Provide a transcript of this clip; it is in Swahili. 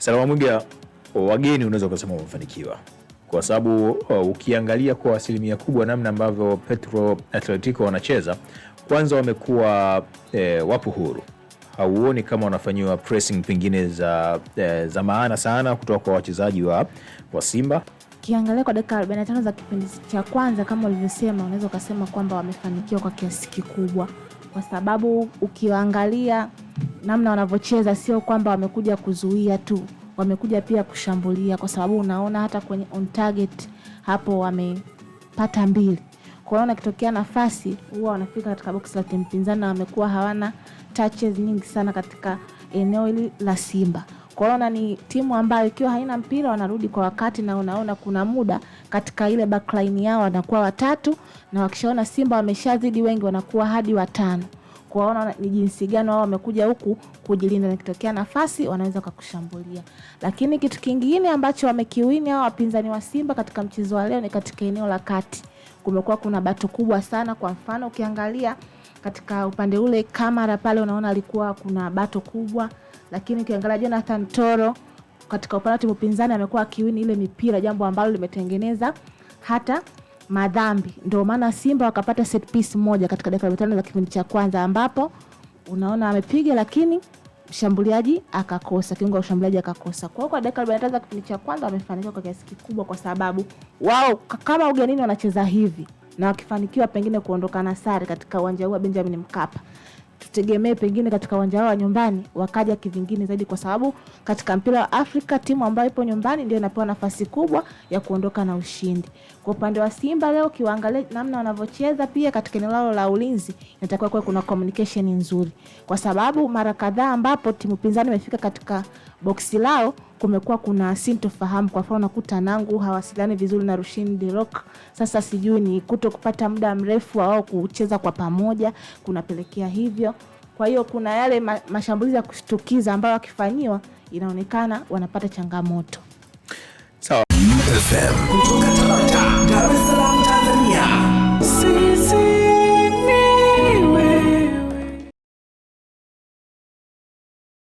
Salama Mwiga, wageni unaweza ukasema wamefanikiwa kwa sababu uh, ukiangalia kwa asilimia kubwa namna ambavyo Petro Atletico wanacheza, kwanza wamekuwa eh, wapo huru, hauoni kama wanafanyiwa pressing pengine za, eh, za maana sana kutoka kwa wachezaji wa, wa Simba. Ukiangalia kwa dakika 45 za kipindi cha kwanza, kama ulivyosema, unaweza ukasema kwamba wamefanikiwa kwa kiasi kikubwa, kwa sababu ukiangalia namna wanavyocheza, sio kwamba wamekuja kuzuia tu, wamekuja pia kushambulia, kwa sababu unaona hata kwenye on target hapo wamepata mbili. Kwa hiyo nakitokea nafasi huwa wanafika katika box la timu pinzani, na wamekuwa hawana touches nyingi sana katika eneo hili la Simba. Kwa hiyo ni timu ambayo ikiwa haina mpira wanarudi kwa wakati, na unaona kuna muda katika ile backline yao wanakuwa watatu, na wakishaona Simba wameshazidi wengi wanakuwa hadi watano kuwaona ni jinsi gani wao wamekuja huku kujilinda, nikitokea nafasi wanaweza kukushambulia. Lakini kitu kingine ambacho wamekiwini hao wapinzani wa Simba katika mchezo wa leo ni katika eneo la kati, kumekuwa kuna bato kubwa sana. Kwa mfano ukiangalia katika upande ule kamera pale, unaona alikuwa kuna bato kubwa, lakini ukiangalia Jonathan Toro katika upande wa timu pinzani amekuwa akiwini ile mipira, jambo ambalo limetengeneza hata madhambi. Ndio maana Simba wakapata set piece moja katika dakika tano za kipindi cha kwanza, ambapo unaona amepiga lakini mshambuliaji akakosa, kiungo wa ushambuliaji akakosa. Kwa hiyo kwa dakika tano za kipindi cha kwanza wamefanikiwa kwa kiasi kikubwa, kwa sababu wao kama ugenini wanacheza hivi, na wakifanikiwa pengine kuondokana sare katika uwanja huu wa Benjamin Mkapa tusitegemee pengine katika uwanja wao wa nyumbani wakaja kivingine zaidi, kwa sababu katika mpira wa Afrika timu ambayo ipo nyumbani ndio inapewa nafasi kubwa ya kuondoka na ushindi. Kwa upande wa Simba leo, kiwaangalia namna wanavyocheza, pia katika eneo lao la ulinzi inatakiwa kuwe kuna communication nzuri, kwa sababu mara kadhaa ambapo timu pinzani imefika katika boksi lao kumekuwa kuna sintofahamu. Kwa mfano, nakuta nangu hawasiliani vizuri na Rushin De Rock. Sasa sijui ni kuto kupata muda mrefu wao kucheza kwa pamoja kunapelekea hivyo. Kwa hiyo kuna yale ma mashambulizi ya kushtukiza ambayo wakifanyiwa inaonekana wanapata changamoto. Sawa.